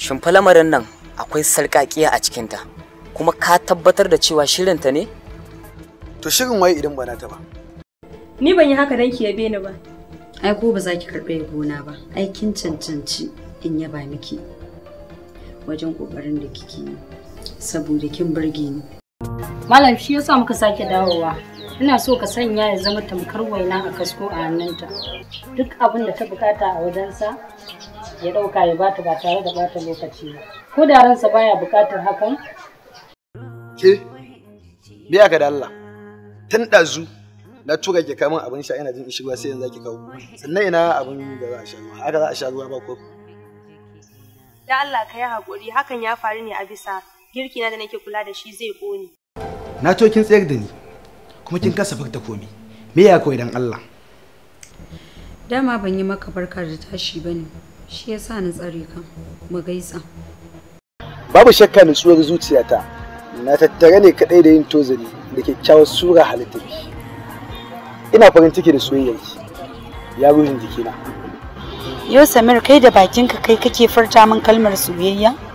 shimfalamarin lamarin nan akwai sarƙaƙiya a cikinta, kuma ka tabbatar da cewa shirinta ne? To shirin waye idan ba ta ba. Ni ban yi haka dan ki yabe ni ba. Ai ko ba za ki karɓe gona ba, ai kin cancanci in yaba miki wajen ƙoƙarin da kike yi, saboda kin burge ni. Malam shi yasa muka sake dawowa. Ina so ka sanya ya zama tamkar waina a kasko a hannunta. Duk abin da ta bukata a wajensa ya ɗauka ya bata ba tare da bata lokaci ba ko da ransa baya buƙatar hakan ke biya ka da Allah tun ɗazu na tura ke kamun abin sha ina jin ishi ruwa sai yanzu ake kawo sannan ina abin da za a sha ruwa haka za a sha ruwa ba ko da Allah ka yi haƙuri hakan ya faru ne a bisa girki na da nake kula da shi zai ƙone na to kin tsayar da ni kuma kin kasa fakta komi me ya koyi dan Allah dama ban yi maka barka da tashi bane Shi ya sa na tsare ka, mu gaisa. Babu shakka nutsuwar zuciyata, na tattare ne kaɗai da yin tozali da kyakkyawar sura halittafi. Ina farin ciki da ki ya jikina. Yau Samir kai da bakinka kai kake furta min kalmar soyayya?